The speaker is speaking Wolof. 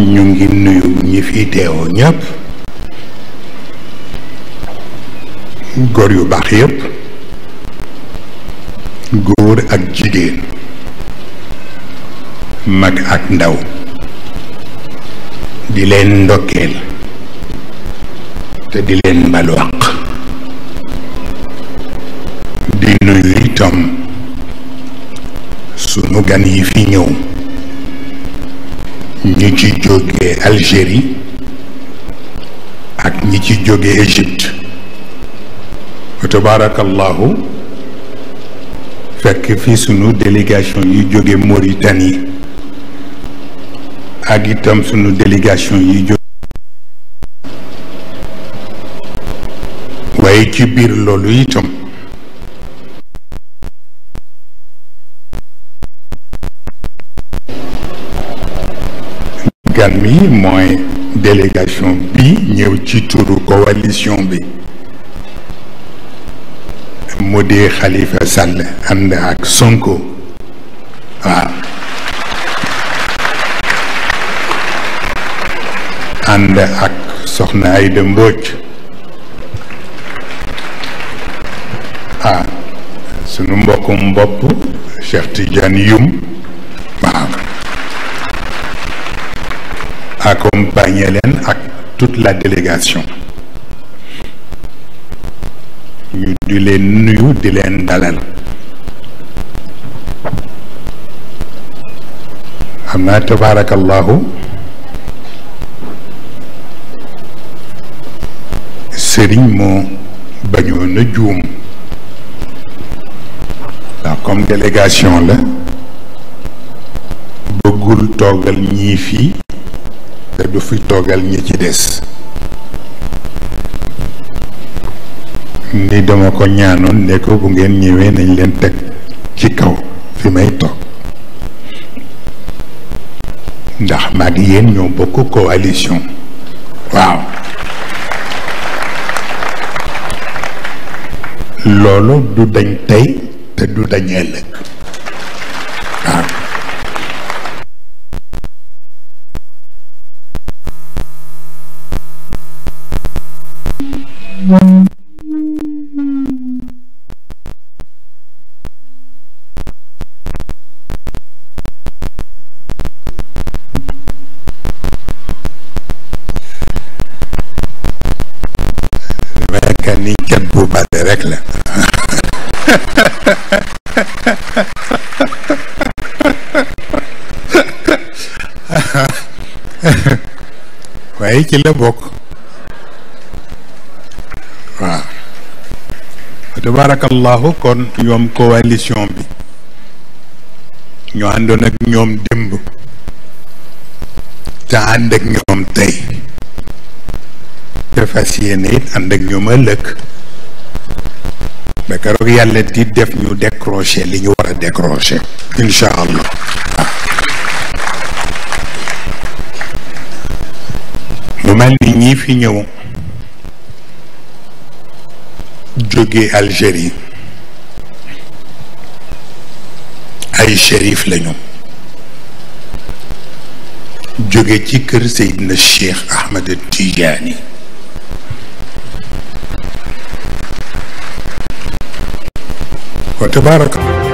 ñu ngi nuyu ñi fi teew ñëpp góor yu baax yépp góor ak jigéen mag ak ndaw di leen ndokkeel te di leen mbalu àq di nuyu itam sunu gan yi fi ñëw jógee Algérie ak ñi ci jógee Égypte wa tabarakallahu fekk fi sunu délégation yu jóge Mauritanie ak itam sunu délégation yu jóge waaye ci biir loolu itam gan mi mooy délégation bi ñëw ci turu coalition bi mu di Khalifa Sall ànd ak Sonko ànd ak soxna Aïda Mbodj ah sunu mbokkum bopp Cheikh Tidiane Youm accompagner leen ak toute la délégation ñu di leen nuyu di leen dalal am naa tabaarakallahu sëriñ moo bañoon juum ndax comme délégation la bëggul toogal ñii fii te du fi toogal ñi ci des ni dama ko ñaanoon ne ko bu ngeen ñëwee nañ leen teg ci kaw fi may toog ndax maag yéen ñoo bokk coalition waaw loolu du dañ tey te du dañ ëllëg waaye ci la bokk waaw tabarakallahu kon ñoom coalition bi ñu àndoon ak ñoom démb te ànd ak ñoom tey te fas yéene it ànd ak ñoom ëllëg ba keroog yàlla di def ñu décroché li ñu war a décroché allah mu mel ni ñii fi ñëw jógee Algérie ay shérif lañu jóge ci kër Seydina Cheikh Ahmed Tidiane wa